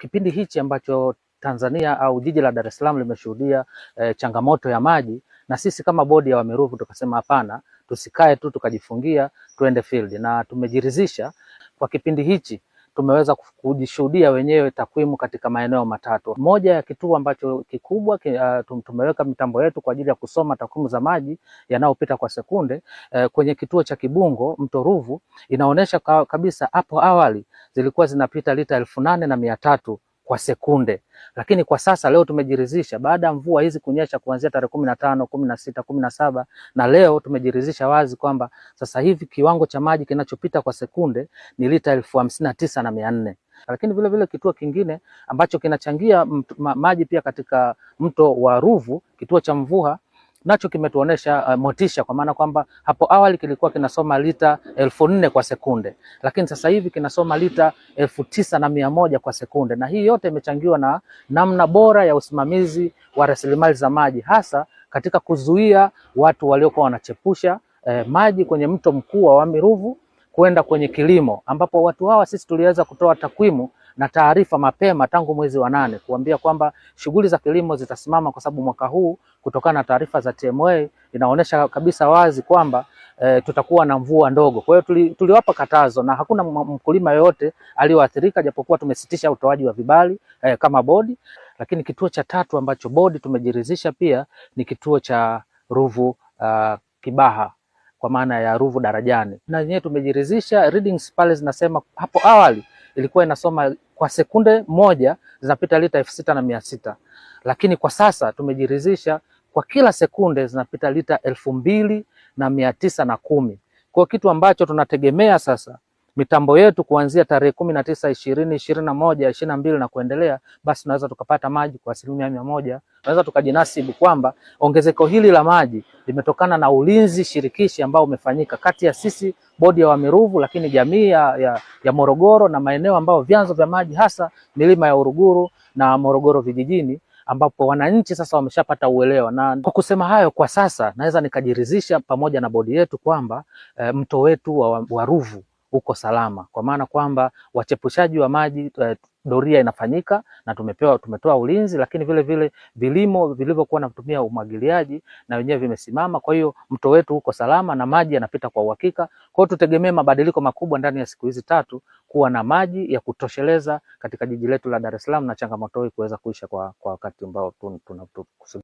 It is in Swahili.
kipindi hichi ambacho Tanzania au jiji la Dar es Salaam limeshuhudia e, changamoto ya maji, na sisi kama bodi ya Wamiruvu tukasema hapana, tusikae tu tukajifungia, tuende field, na tumejiridhisha kwa kipindi hichi tumeweza kujishuhudia wenyewe takwimu katika maeneo matatu. Moja ya kituo ambacho kikubwa ah, tumeweka mitambo yetu kwa ajili ya kusoma takwimu za maji yanayopita kwa sekunde, eh, kwenye kituo cha Kibungo, mto Ruvu, inaonyesha kabisa hapo awali zilikuwa zinapita lita elfu nane na mia tatu kwa sekunde, lakini kwa sasa leo tumejiridhisha baada ya mvua hizi kunyesha kuanzia tarehe kumi na tano kumi na sita kumi na saba na leo tumejiridhisha wazi kwamba sasa hivi kiwango cha maji kinachopita kwa sekunde ni lita elfu hamsini na tisa na mia nne lakini vile vile kituo kingine ambacho kinachangia maji pia katika mto wa Ruvu, kituo cha mvua nacho kimetuonesha uh, motisha kwa maana kwamba hapo awali kilikuwa kinasoma lita elfu nne kwa sekunde, lakini sasa hivi kinasoma lita elfu tisa na mia moja kwa sekunde, na hii yote imechangiwa na namna bora ya usimamizi wa rasilimali za maji, hasa katika kuzuia watu waliokuwa wanachepusha eh, maji kwenye mto mkuu wa Wami Ruvu kwenda kwenye kilimo, ambapo watu hawa sisi tuliweza kutoa takwimu na taarifa mapema tangu mwezi wa nane kuambia kwamba shughuli za kilimo zitasimama kwa sababu mwaka huu kutokana na taarifa za TMA inaonyesha kabisa wazi kwamba e, tutakuwa na mvua ndogo. Kwa hiyo tuli, tuliwapa katazo na hakuna mkulima yoyote aliyoathirika, japokuwa tumesitisha utoaji wa vibali e, kama bodi. Lakini kituo cha tatu ambacho bodi tumejiridhisha pia ni kituo cha Ruvu uh, Kibaha kwa maana ya Ruvu Darajani, na yenyewe tumejiridhisha. Readings pale zinasema hapo awali ilikuwa inasoma kwa sekunde moja zinapita lita elfu sita na mia sita lakini kwa sasa tumejiridhisha kwa kila sekunde zinapita lita elfu mbili na mia tisa na kumi kwa kitu ambacho tunategemea sasa mitambo yetu kuanzia tarehe kumi na tisa ishirini ishirini na moja ishirini na mbili na kuendelea, basi tunaweza tukapata maji kwa asilimia mia moja. Tunaweza tukajinasibu kwamba ongezeko hili la maji limetokana na ulinzi shirikishi ambao umefanyika kati ya sisi bodi ya Wamiruvu, lakini jamii ya, ya, ya Morogoro na maeneo ambayo vyanzo vya maji hasa milima ya Uruguru na Morogoro vijijini ambapo wananchi sasa wameshapata uelewa. Na kwa kusema hayo, kwa sasa naweza nikajiridhisha pamoja na bodi yetu kwamba e, mto wetu wa, wa Ruvu uko salama, kwa maana kwamba wachepushaji wa maji eh, doria inafanyika na tumepewa tumetoa ulinzi, lakini vile vile vilimo vilivyokuwa natumia umwagiliaji na wenyewe vimesimama. Kwa hiyo mto wetu uko salama na maji yanapita kwa uhakika. Kwa hiyo tutegemee mabadiliko makubwa ndani ya siku hizi tatu, kuwa na maji ya kutosheleza katika jiji letu la Dar es Salaam na changamoto hii kuweza kuisha kwa, kwa wakati ambao tunakusudia.